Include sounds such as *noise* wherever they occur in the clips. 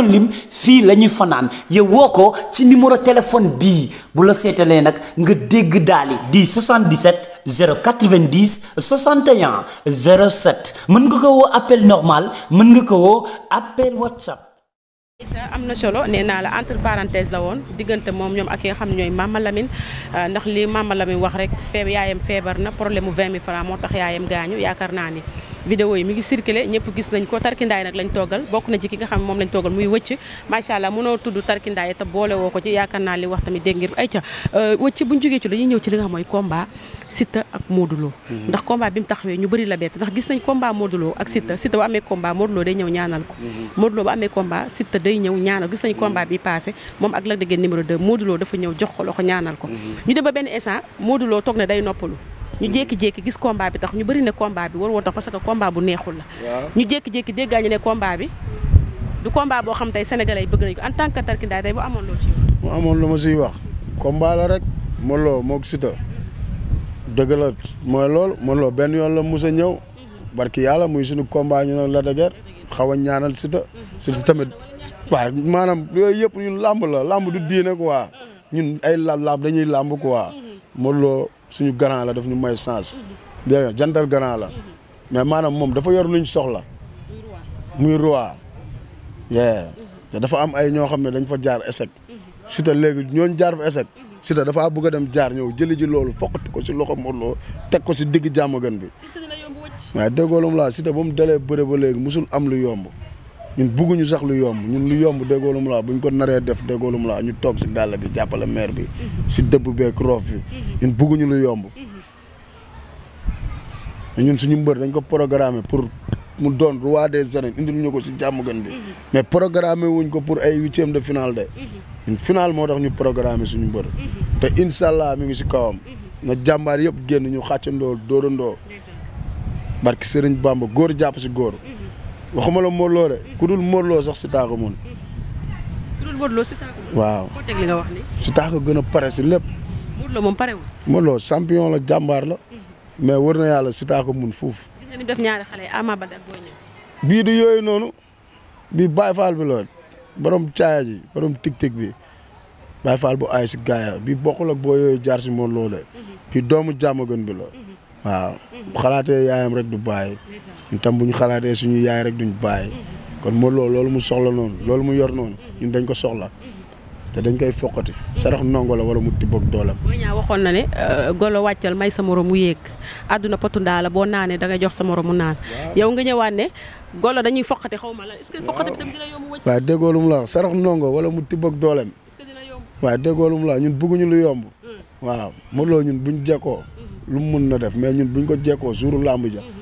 doon lim fii la ñuy fanaan yow woo ko ci numéro téléphone bii bu la seetalee nag nga dégg daali di 77 090 61 07 mën nga ko woo appel normal mën nga ko woo appel whatsapp. Issa am na solo nee naa la entre parenthèse la woon diggante moom ñoom ak yi nga xam ñooy Mama euh, ndax li Mama Lamine wax rek feeb yaayam feebar na problème mu 20 000 francs moo tax yaayam gaañu yaakaar naa ni. vidéo yi mi ngi circulé ñëpp gis nañ ko tarkindaay nag lañ toggal bokk na ci ki nga xam moom lañ toggal muy wëcc macha allah mënoo tudd tarkindaay te boole woo ko ci yaakaar naa li wax tamit dégg ngeen ko ay ca euh, wëcc buñ jógee ci dañuy ñëw ci li nga xam mooy combat Siteu ak Modou mhm. ndax combat bi mu taxawee ñu bëri la bett ndax gis nañ combat Modou Lo ak Siteu mhm. Siteu bu amee combat Modou day ñëw ñaanal ko mhm. Modou bu amee combat Siteu day ñëw ñaanal gis nañ combat bi passé moom ak Lac de Guiers numéro 2 dafa ñëw jox ko loxo ñaanal ko ñu dem ba benn instant Modou Lo toog ne day noppalu ñu jékki-jékki gis combat bi tax ñu bari ne combat bi war woon tax parce que combat bu neexul la ñu jékki-jékki déggaa ñu ne combat bi du combat boo xam tey sénégalais yi bëgg nañu ko tant que tarkindaay tey bu amoon loo amoon lu ma siy wax combat la rek Modou Lo moog lool dëgg benn yoon la mos a ñëw barki yàlla muy suñu combat ñu ne la dëgër xaw a ñaanal Siteu Siteu tamit waa maanaam yooyu yëpp ñun làmb la làmb du diine quoi ñun ay làmb dañuy làmb quoi Modou Lo suñu grand la def ñu may chance dégg jantal grand la mais maanaam moom dafa yor lu luñ soxla muy roi te dafa am ay ñoo xam ne dañ fa jaar échec Siteu léegi ñooñ jaar fa échec Siteu dafa bëgg a dem jaar ñëw jëli ji loolu fokkati ko si loxo Modou Lo teg ko si digg jàmm gën bi waaye déggoo la mu laa Siteu ba mu dalee bëre ba léegi musul am lu yomb ñun bugguñu sax lu yomb ñun lu yomb déggoolum laa bu ñu ko naree def déggoolum laa ñu toog si gàll bi jàppale maire bi mhm. si dëbb beeg roof bi mhm. ñun bugguñu lu yomb mhm. ñun suñu mbër dañ ko programmer pour mu doon roi des arènes indil ñu ko si jàmm gën bi mais programmer wuñ ko pour ay huitième de finale de ñun finale moo tax ñu programmer suñu mbër te incha allah mi ngi si kawam na jàmbaar yëpp génn ñu xàccandoo dóorandoo barki Sëriñ Bamba góor jàpp si góor waxumala la de ku dul Modou Lo sax si taako mun. ku waaw si taako gën a pare si lépp. Modou Lo moom parewul. la jàmbaar la. mais war na yàlla si taako mun fuuf. def ñaari xale Ama bii du yooyu noonu bii Baye Fall bi lool borom caaya ji borom tig-tig bi Baye Fall bu aay si gaaya bi bokkul ak boo yooyu jaar si Modou de. Mhm. bi doomu jàmm gën bi lool. Mhm. waaw mhm. xalaatee yaayam rek du bàyyi. ñu tam bu ñu xalaatee suñu yaay rek duñ bàyyi kon mooloo loolu mu soxla noonu loolu mu yor noonu ñun dañ ko soxla te dañ koy foqati sarax ndongo la wala mu tibboog doolam. boo ñaa waxoon na ne euh, golo wàccal may sa morom mu yéeg àdduna potundaa la boo naanee da ngay jox sa morom mu yow nga ñëwaat ne golo dañuy foqati xaw ma la est lu la wax ndongo wala mu tibboog doolam. est-ce yomb. waaw déggoo la ñun bëgguñu lu yomb. Hmm. waaw Modou ñun buñ jekkoo hmm. lu mu mun na def mais ñun buñ ko jekkoo suuru làmb ja hmm.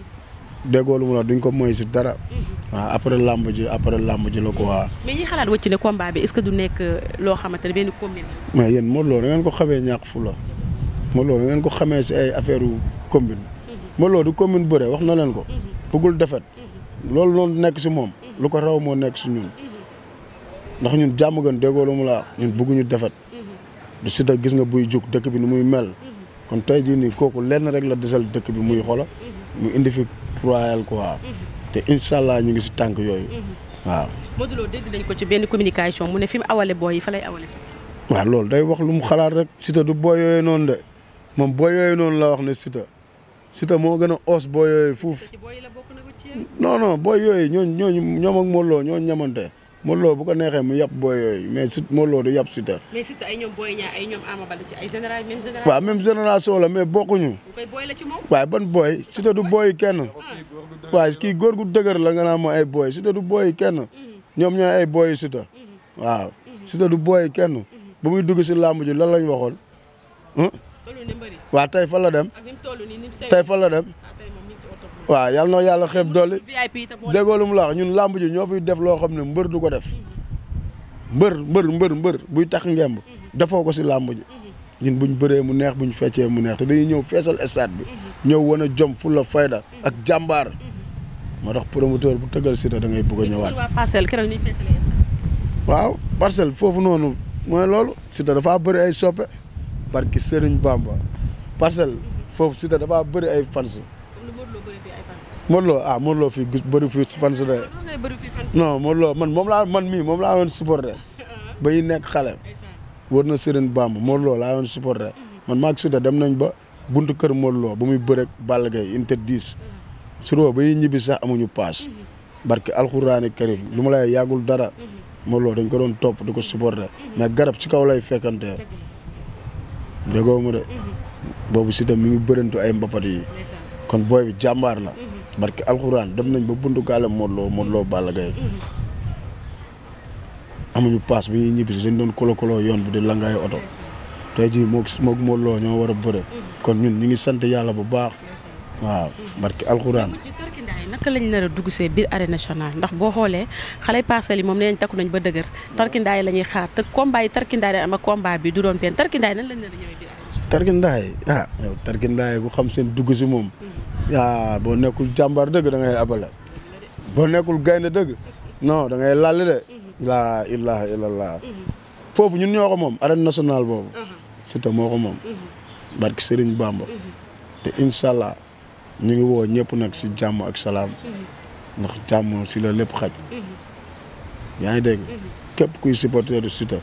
déggoo lu mu la duñ ko moy si dara. Mhm. waaw après làmb ji après làmb ji la ko waa. mais ñi xalaat wëcc ne combat bi est-ce que du nekk euh, loo xamante ne benn combine la. mais yéen Modou Lo da ko xamee ñàkk fu la Modou Lo da ngeen ko xamee si ay affaire yu combine. Mhm. Modou Lo du combine bëre wax na leen ko. Mhm. bëggul defet loolu loolu nekk si moom. lu ko raw moo nekk si ñun. ndax ñun jàmm gën déggoo lu mu la ñun bëgguñu defet du si gis nga buy jug dëkk bi nu muy mel. kon tey ji nii kooku lenn rek la desal dëkk bi muy xola mu indi fi royal quoi. Mhm. te incha allah ñu ngi si tànk yooyu. Mhm. waaw ko ci benn communication mu ne fi mu awale booy yi fa lay awale sax. waaw loolu day wax lu mu xalaat rek Siteu du booy yooyu noonu de moom booy yooyu noonu la wax ne Siteu Siteu moo gën a oos booy yooyu fuuf non non booy yooyu ñooñu ñooñu ñoom ak ñoo ñamante. Modou bu ko neexee mu yàpp booy yooyu mais si Modou Lo du yàpp Siteu. mais Siteu ay ñoom Boy Niang ay même génération. waaw mais bokkuñu. koy ban booy Siteu du booy kenn. Ah. waaye kii góor gu dëgër la nga naan mooy ay booy Siteu du booy kenn. Mm-hmm. ñoom ñooy ay booy Siteu. Mm-hmm. waaw mm-hmm. Siteu du booy kenn. bu muy dugg si làmb ji lan lañ waxoon. waa tey fa la dem. tey fa la dem. waaw yàlla noo yàlla xeeb dolli déggoo lu mu la ñun làmb ñoo fiy def loo xam ne mbër du ko def mbër mbër mbër mbër buy tax ngemb defoo ko si làmb ji ñun buñ bëree mu neex buñ feccee mu neex te dañuy ñëw feesal stade bi ñëw wan a jom fulla fayda ak jàmbaar moo tax promoteur bu tëggal Siteu da ngay bëgg a ñëwaat waaw parcelle foofu noonu mooy loolu Siteu dafaa bëri ay soppe barki Serigne Bamba parcelle foofu Siteu dafaa bëri ay fans Modou Lo ah Modou Lo fii bëri fii fans de non Modou Lo man moom laa man mii moom laa doon supporter *laughs* uh-huh. ba yi nekk xale war na Sëriñ Bamba Modou Lo laa doon supporter uh-huh. man maag Siteu dem nañ ba buntu kër Modou Lo ba muy bërek Balla Gaye unité 10 uh-huh. suroo ba ñuy ñibbi sax amuñu paas barke alxuraani karim lu ma lay yàggul dara Modou Lo dañ ko doon topp di ko supporter mais garab ci kaw lay fekkantee déggoo ma de boobu Siteu mi ngi bërëntu ay mbapat yi kon booy jàmbaar la barki alxuraan dem nañ ba buntu gaale Modou Lo Modou Lo Balla Gaye mhm. amuñu paas bi ñibbi si dañ doon kolo kolo yoon bi di langaay oto tey jii moo moog Modou Lo ñoo war a bëre mhm. kon ñun ñu ngi sant yàlla bu baax waaw mhm. barki alxuraan naka lañ nar a dugg see biir arène nationale ndax boo xoolee xale parcelles yi moom nee nañ takku nañ ba dëgër mm. tarkindaa yi la ñuy xaar te combat yi tarkindaa yi am ak combat bi du doon benn tarkindaa yi nan lañ nar a ñëwee yi ah yow seen dugg si moom mm. ah boo nekkul jàmbaar dëgg da ngay abale boo nekkul gaynde dëgg non da ngay lall de laa ilaha illallah foofu ñun ñoo ko moom arène nationale boobu Siteu moo ko moom barki Serigne Bamba te incha allah ñu ngi woo ñëpp nag si jàmm ak salaam ndax jàmm si la lépp xaj yaa ngi dégg képp kuy supporter du Siteu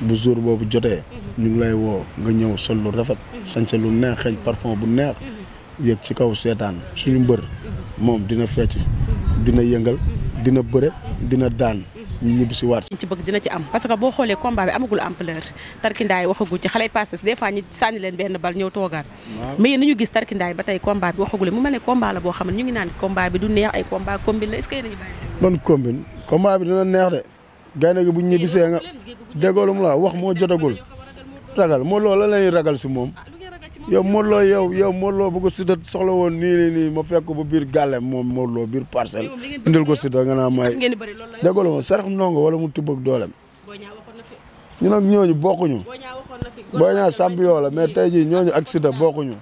bu jour boobu jotee ñu ngi lay woo nga ñëw sol lu rafet sañse lu neex xeeñ parfum bu neex yéeg ci kaw seetaan suñu mbër moom dina fecc dina yëngal dina bëre dina daan ñu ñibbi si waat ci bëgg dina ci am parce que boo xoolee combat bi amagul ampleur tarkindaay waxagu ci xale yi passé des fois ñi sànni leen benn bal ñëw toogaan mais yéen nañu gis tarkindaay ba tey combat bi waxagule mu mel ne combat la boo xam ne ñu ngi naan combat bi du neex ay combat combine la est ban combine combat bi dina neex de gaynde gi bu ñu ñibbisee nga déggoolum la wax moo jotagul ragal moo loolu la ragal si moom yow Modou Lo yow yow Modou Lo bu ko Siteu soxla woon nii nii nii ma fekk bu biir gàllem moom Modou biir parcelle. indil ko Siteu nga naa may déggoo la ma sarax ndongo wala mu tibb ak doolem. ñun ak ñooñu bokkuñu. booy ñaa champion la mais tey jii ñooñu ak Siteu mm. bokkuñu.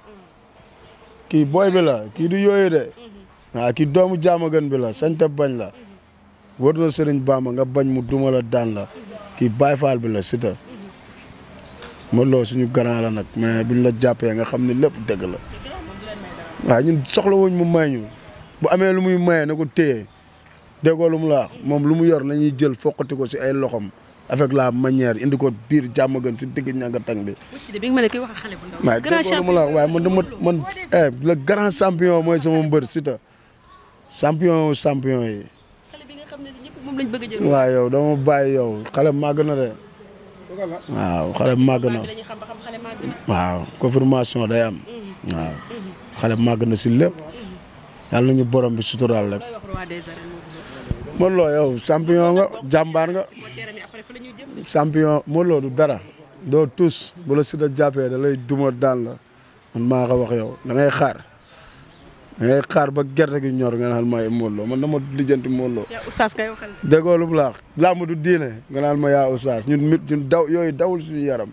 kii booy bi la kii du yooyu de. waaw mm-hmm. ah, doomu jaama gën bi la sañta bañ la. Mm-hmm. wër na Sëriñ Bamba nga bañ mu duma la daan la. Mm-hmm. kii Baye Fall bi la Modou Lo suñu grand la nag mais buñ la jàppee nga xam ne lépp dëgg la waaw ñun soxla wuñ mu may ñu bu amee lu mu maye na ko téye déggoo lu mu la moom lu mu yor nañuy jël foqati ko si ay loxom avec la manière indi ko biir jàmm gën si digg ñàkk tàng bi. bi nga ma wax xale bu ndaw. grand champion la waaye man dama man eh, le grand champion mooy sama mbër Siteu champion champion yi. xale bi nga xam ne ñëpp xale màgg na de. waaw xale bu màgg na waaw confirmation day am mhm. waaw mhm. xale bu màgg na si lépp mhm. yàlla nañu borom bi suturaal rek Modou Lo yow champion nga jàmbaar nga sampion Modou Lo du dara doo tus bu la si da jàppee da lay duma daan la man maa ko wax yow da ngay xaar ngay xaar ba gerte gi ñor nga naan may Modou Lo man dama lijjanti Modou Lo. yaa Oustaz kay waxal. lu mu laax làmb du diine nga naan ma yaa Oustaz ñun daw yooyu dawul suñu yaram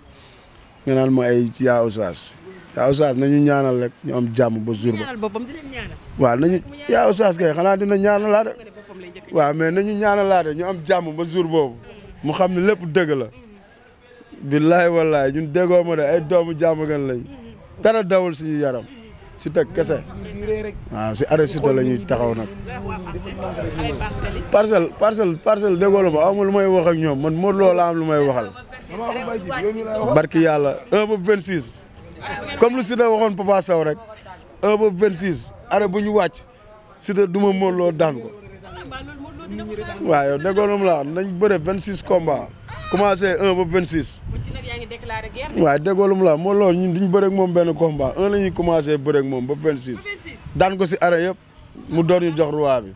nga naan ma ay yaa Oustaz yaa Oustaz nañu ñaanal rek ñu am jàmm ba jour ba. waaw nañu yaa Oustaz kay xanaa dina ñaanal laa de. waaw mais nañu ñaana laa de ñu am jàmm ba jour boobu mm. mu xam ne lépp dëgg la. Mm. billaay wallaay ñun déggoo ma de ay doomu jàmm gan lañ mm. dara dawul suñu yaram. Siteu kese waaw si arrêt Siteu la ñuy taxaw nag parcelle parcelle parcelle déggoo la ma aw ma lu may wax ak ñoom man Modou Lo am lu may waxal barki yàlla vingt ba 26 comme lu Siteu waxoon Papa Sow rek 1 ba 26 arrêt bu ñu wàcc Siteu du ma Modou Lo daan ko waaye yow la ma la nañ bëre 26 combats. commencé un ba vingt six. waaw déggoo lu mu la moo loolu ñun duñ bëre ak moom benn combat un la ñuy commencé bëre ak moom ba vingt six. daan ko si arrêt yëpp mu door ñu jox roi bi.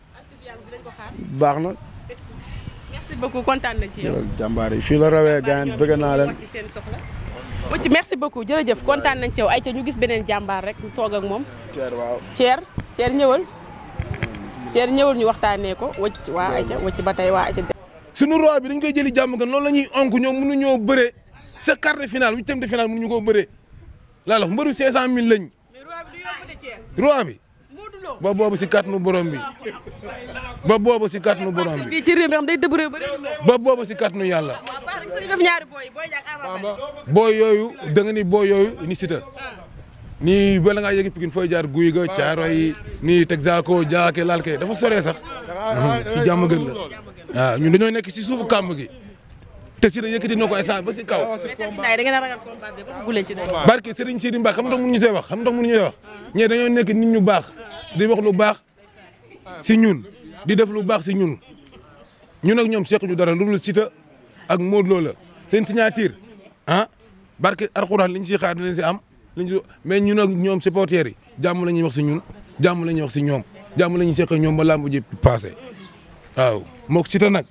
Ah, baax na. merci kontaan na ci yow. jàmbaar yi fii la rawee gaañ bëgg naa leen. Mothie merci beaucoup jërëjëf kontaan nañ ci yow ayca ñu gis beneen jàmbaar rek ñu toog ak moom. Thier waaw Thier Thier ñëwal. Thier ñëwal ñu waxtaanee ko wëcc waa ayca wëcc ba tey waa ayca. suñu roi bi dañ koy jëli jàmm gan loolu la ñuy mun ñoom mënuñoo bëree sa quart de finale huitième de finale mënuñu koo bëree laa la mbëru cinq cent mille lañ roi bi ba boobu si kàttanu borom bi ba boobu si kàttanu borom bi ba boobu si kàttanu yàlla booy yooyu da nga ni booy yooyu ni sita ah. nii bala ngaa yegg Pikine jaar guy ga Caaroy nii Texaco Jaake Lalke dafa sore sax fi jàmm gën la waaw ñun dañoo nekk si suufu kàmb gi te si la yëkkati na ko ay saa si kaw. barke Serigne Sidi Mbacke xam nga mënuñu see wax xam nga mënuñu see wax ñee dañoo nekk nit ñu baax di wax lu baax si ñun di def lu baax si ñun ñun ak ñoom seq ñu dara lu dul Siteu ak Modou Lo la seen signature ah ar Alxuraan liñ si xaar dinañ si am. lañ si mais ñun ak ñoom supporters yi jàmm la ñuy wax si ñun jàmm la ñuy wax si ñoom jàmm la ñuy seq ñoom ba làmb ji passé waaw mook Siteu nag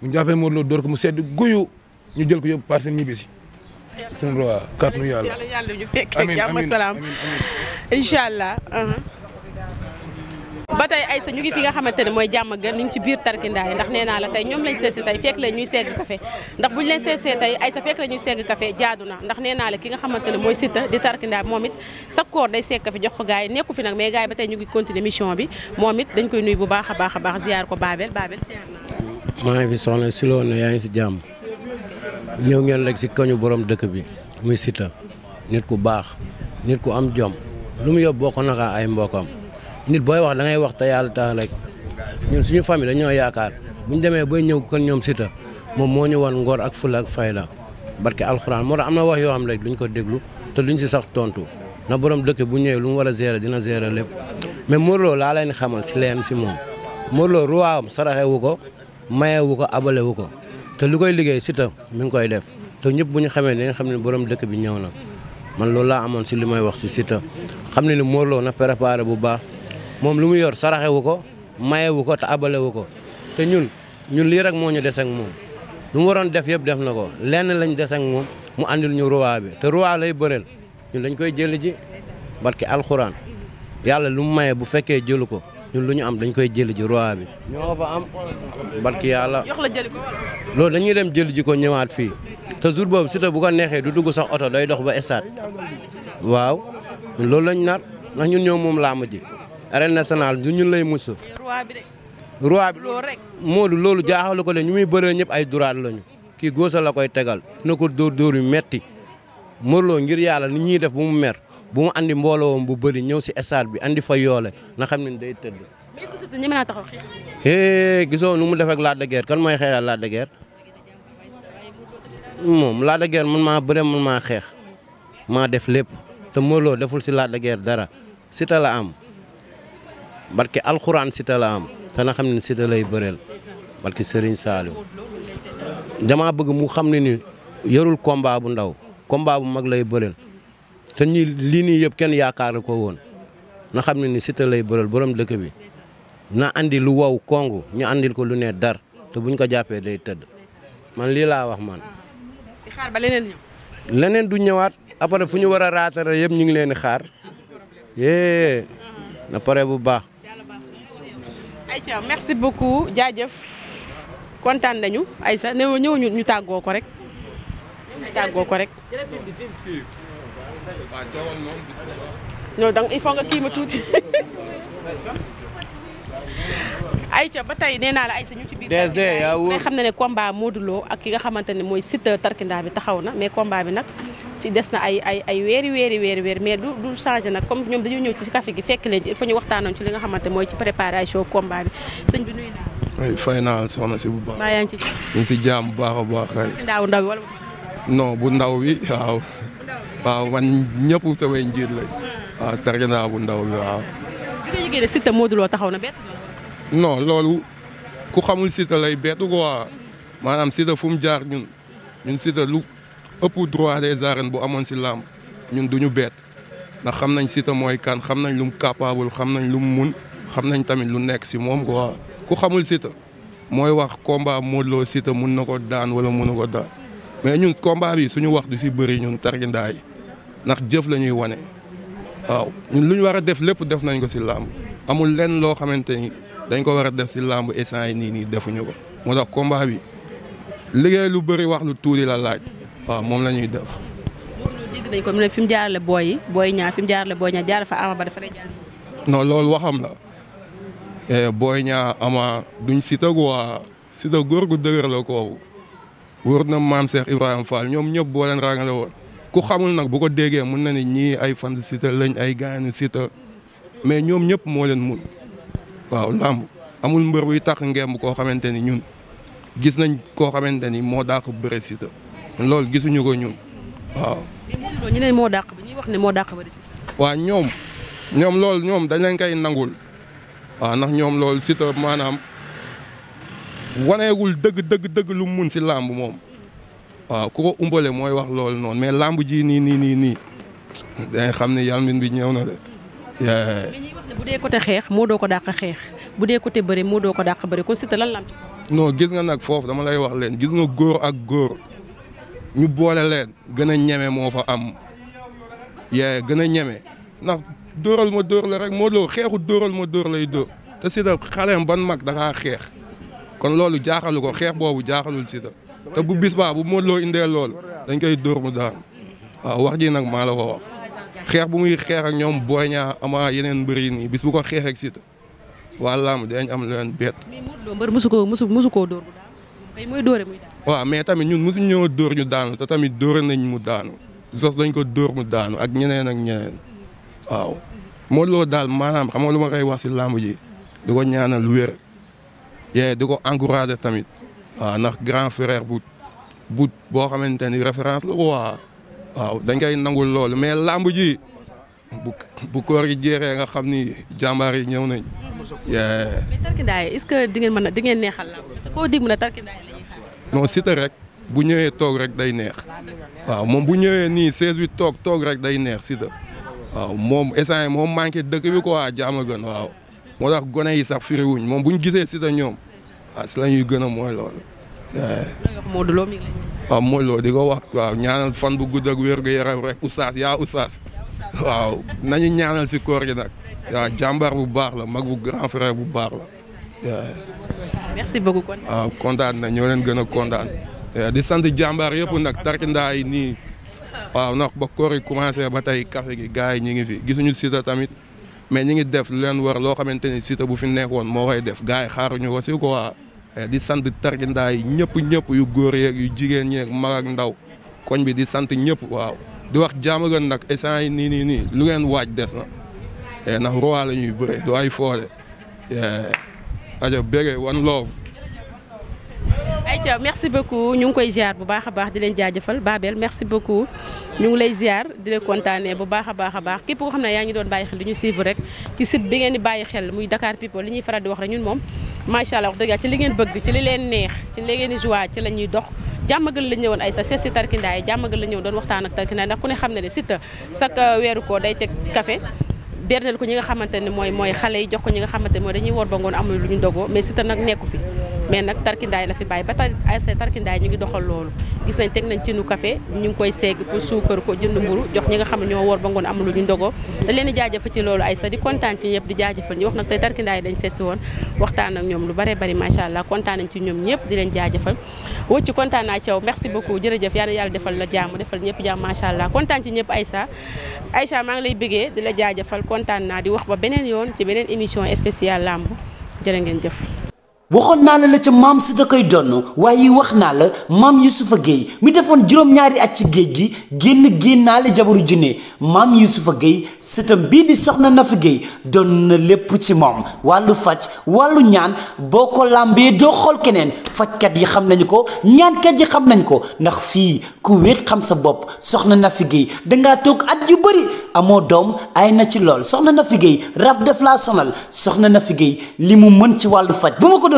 bu ñu jàppee Modou Lo mu sedd guyu ñu jël ko yóbbu parcelle ñibbi si suñu roi kàttanu yàlla yàlla ñu fekk jàmm salaam incha allah ba tey ay sa ñu ngi fi nga xamante ne mooy jàmm gën ñu ci biir tarkindaa yi ndax nee naa la tey ñoom lañ seesi tey fekk la ñuy segg café ndax buñ leen seesee tey ay sa fekk la ñuy segg café jaadu na ndax nee naa la ki nga xamante ne mooy Siteu di tarkindaa moom it sa koor day segg café jox ko gars nekku fi nag mais gars yi ba tey ñu ngi continuer mission bi moom it dañ koy nuy bu baax a baax a baax ziar ko Babel Babel ziar maa ngi fi soxna si loon ne yaa ngi si jàmm ñëw ngeen rek si kañu borom dëkk bi muy Siteu nit ku baax nit ku am jom lu mu yóbbu bokk na ay mbokkam nit booy wax da ngay wax te tax rek ñun suñu famille dañoo yaakaar bu ñu demee bay ñëw kon ñoom Siteu moom moo ñu wan ngor ak fula ak fayda barke alxuraan moo tax am na wax yoo xam ne rek duñ ko déglu te duñ si sax tontu na borom dëkk bu ñëwee lum mu war a gérer dina gérer lépp mais Modou Lo laa leen xamal si leen si moom Modou Lo ruwaam saraxewu ko mayewu ko abalewu ko te lu koy liggéey Siteu mi ngi koy def te ñëpp bu ñu xamee ne xam ne borom dëkk bi ñëw na man loolu laa amoon si li may wax si Siteu bu baax. moom lu mu yor saraxewu ko mayewu ko te abalewu ko te ñun ñun lii rek moo ñu des moom lu mu waroon def yëpp def na ko lenn lañ des ak moom mu andil ñu roi bi te roi lay bëreel ñun dañ koy jëli ji barke alxuraan yàlla lu mu maye bu fekkee jëlu ko ñun lu ñu am dañ koy jëli ji roi bi ñoo fa am barke yàlla loolu dañuy dem jëli ji ko ñëwaat fii te jour boobu Siteu bu ko neexee du dugg sax oto day dox ba stade waaw loolu lañ nar ndax ñun ñoo moom làmb ji arène nationale du ñun lay mus. roi bi de. loolu rek. ko de ñu muy bëree ñëpp ay duraat lañu. kii góosa la koy tegal na ko dóor dóor yu metti Modou Lo ngir yàlla ni ñuy def bu mu mer bu mu andi mbooloowam bu bari ñëw si stade bi andi fa yoole na xam ne day tëdd. mais est eh, gisoo nu mu def ak Lac de kan mooy xeexal Lac de Guiers moom Lac de Guiers man maa bëre man maa xeex maa def lépp te Modou Lo deful si Lac de dara Siteu am. barke alxuraan Siteu la am te na xam ne Siteu lay bëreel barke Serigne Saliou damaa bëgg mu xam ne ni yorul combat bu ndaw combat bu mag lay bëreel te ñi lii nii yëpp kenn yaakaar ko woon na xam ne ni Siteu lay bëreel borom dëkk bi na andi lu wow kongu ñu andil ko lu ne dar te buñ ko jàppee day tëdd man lii laa wax man. leneen du ñëwaat après fu ñu war a raatare yëpp ñu ngi leen xaar. yee bu baax. ayca merci beaucoup jaajëf kontaan nañu Aïssa ne ñëw ñu ñu tàggoo ko rek ñu tàggoo ko rek non donc il faut nga kii tuuti *laughs* Aïcha ba tey nee naa la Aïssa ñu ci biir mais xam ne ne combat Modou Lo ak ki nga xamante ne mooy Siteu tarkindaa bi taxaw na mais combat bi nag ci des na ay ay ay weeri weeri weeri weer mais du du changé nag comme ñoom dañoo ñëw ci café gi fekk leen ci il faut ñu waxtaanoon ci li nga xamante mooy ci préparation combat bi sëñ bi nuyu naa. fay si bu baax. maa yaa ngi ci ngi si jàmm baax a baax. ndaw ndaw wala. ndaw bi waaw. waaw man ñëpp samay njiit lañ. Ah. Ah, ndaw bi waaw. taxaw na bett. non loolu ku xamul Siteu lay bettu quoi mm-hmm. maanaam Siteu fu mu jaar ñun ñun Siteu lu. ëpp droit des arènes bu amoon si làmb ñun du ñu beet ndax xam nañ Siteu mooy kan xam nañ lu mu xam nañ lum mu mun xam nañ tamit lu nekk si moom ko quoi ku xamul Siteu mooy wax combat Modou Lo Siteu mun na ko daan wala munu ko daan mais ñun combat bi suñu wax du si bëri ñun tarkindaa yi ndax jëf la ñuy wane waaw ñun lu ñu war a def lépp def nañ ko si làmb amul lenn loo xamante ni dañ ko war a def si làmb essence yi nii nii defuñu ko moo tax combat bi liggéey lu bëri wax lu tuuti la laaj. waaw moom la ñuy def. dégg nañ ko mu ne fi mu jaarale booy yi booy ñaa fi mu jaarale booy ñaa jaar fa ama ba dafa lay jaar. non loolu waxam la eh, booy ñaa ama duñ sita waa sita góor gu dëgër la koobu wóor na maam Cheikh Ibrahima Fall ñoom ñëpp boo leen ràngale woon ku xamul nag bu ko déggee mun na ni ñii ay fan sita lañ ay gaanu sita mais ñoom ñëpp moo leen mun waaw làmb amul mbër buy tax ngemb koo xamante ni ñun gis nañ koo xamante ni moo daa ko bëre sita loolu gisuñu ko ñun waaw. moo dàq bi wax ne moo dàq ba di ñoom ñoom loolu ñoom dañ leen koy nangul waaw ndax ñoom loolu Siteu maanaam waneegul dëgg dëgg dëgg lu mun si làmb moom waaw ku ko umbale mooy wax loolu noonu mais làmb jii nii nii nii nii dangay xam ne yàlla bi ñëw na de. mais bu dee côté xeex moo doo ko dàq xeex bu dee côté bëre moo doo ko dàq bëre kon Siteu lan la am non gis nga nag foofu dama lay wax leen gis nga góor ak góor ñu boole leen gën a ñeme moo fa am yee gën a ñeme ndax dóoral ma dóor la rek moo loo xeexu dóoral ma dóor lay dóor te Siteu xaleem ban mag dafa xeex kon loolu jaaxalu ko xeex boobu jaaxalul Siteu te bu bis baa bu Modou Lo indee lool dañ koy dóor mu daan waaw wax ji nag maa la wax xeex bu muy xeex ak ñoom Boy ñaa ama yeneen mbër yi nii bis bu ko xeex ak Siteu waa làmb dañ am leen bett. mais koo mosu mu daan mooy dóore muy daan waaw mais tamit ñun mosuñ ñëw dóor ñu daanu te tamit dóor nañ mu daanu Zoss dañ ko dóor mu daanu ak ñeneen ak ñeneen waaw Modou Lo daal maanaam xam nga lu ma koy wax si làmb ji di ko ñaanal wér yee di ko encouragé tamit waaw ndax grand frère bu bu boo xamante ni référence la waa waaw dañ koy nangul loolu mais làmb ji bu bu yi jeexee nga xam ni jàmbaar yi ñëw nañ. mais tarkindaay est-ce que di ngeen mën a di ngeen neexal làmb parce que koo dig mën non Siteu rek bu ñëwee toog rek day neex waaw moom bu ñëwee nii 16 8 toog toog rek day neex Siteu waaw moom instant yii moom manqué dëkk bi quoi jaama gën waaw moo tax gone yi sax firiwuñ moom bu ñu gisee Siteu ñoom waaw si la ñuy gën a mooy loolu. waaw di ko wax waaw ñaanal fan bu gudd ak wér gu yaram rek oustaz yaa oustaz waaw nañu ñaanal si koor gi nag waaw jàmbaar bu baax la mag bu grand frère bu baax la. merci beaucoup ah, kontaan na ñoo leen gën a kontaan. Eh, di sant jàmbaar yëpp nag tarkindaa yi nii waaw ndax ba koor yi commencé ba tey café gi gars yi ñu ngi fi gisuñu Siteu tamit mais ñu ngi def lu leen war loo xamante ni Siteu bu fi nekkoon moo koy def gars yi xaaruñu ko si quoi. Eh, di sant tarkindaa yi ñëpp ñëpp yu góor yeeg yu jigéen ñeeg mag ndaw koñ bi di sant ñëpp waaw di wax jàmbaar nag essence yi nii nii nii lu ngeen waaj des na eh, ndax roi la ñuy bëre du ay foole. ajo bégee wan loow ayca merci beaucoup ñu ngi koy ziar bu baax a baax di leen jaajëfal Babel merci beaucoup ñu ngi lay ziar di la kontaanee bu baax a baax a baax képp koo xam ne yaa ngi doon bàyyi xel di ñu suivre rek ci site bi ngeen di bàyyi xel muy Dakar People li ñuy faral di wax rek ñun moom macha allah wax dëgg yàlla ci li ngeen bëgg ci li leen neex ci li ngeen joie ci la ñuy dox jàmmagal la woon ay sa seet si tarkindaay jàmmagal la ñëwoon doon waxtaan ak tarkindaay ndax ku xam ne ne site chaque weeru day teg café berneel ko ñi nga xamante ne mooy mooy xale yi jox ko ñi nga xamante ne mooy dañuy woor ba ngoon amul ñu dogoo mais Siteu nag nekku fi mais nag tarkindaay la fi bàyyi ba tar ASC tarkindaay ñu ngi doxal loolu gis nañ teg nañ ci nu café ñu ngi koy segg pour suukar ko jënd mburu jox ñi nga xam ne ñoo woor ba ngoon amul ñu ndogoo da leen di jaajëfal ci loolu ASC di kontaan ñëpp di jaajëfal ñi wax nag tey tarkindaay dañ seesi woon waxtaan ak lu bare bari macha allah kontaan nañ ci ñoom ñëpp di leen jaajëfal wëcc kontaan naa ci yow merci beaucoup jërëjëf yal na yàlla defal la jàmm defal ñëpp jàmm macha allah kontaan ci ñëpp Aïssa ngi lay bëggee di la jaajëfal kontaan naa di wax ba beneen yoon ci beneen émission spéciale làmb jërë ngeen jëf waxoon naa la la ca maam si da koy donn waaye wax naa la maam yusufa géey mu defoon juróom-ñaari at ci géej gi génn génnaale jabaru junne maam yusufa géey sëtam bii di soxna na fi géey doon na lépp ci moom wàllu faj wàllu ñaan boo ko làmbee doo xool keneen fajkat yi xam nañu ko ñaankat yi xam nañ ko ndax fii ku wéet xam sa bopp soxna na fi géey dangaa toog at yu bëri amoo doom ay na ci lool soxna na fi géey rab def laa sonal soxna na fi géey li mu mën ci wàllu faj bu ma ko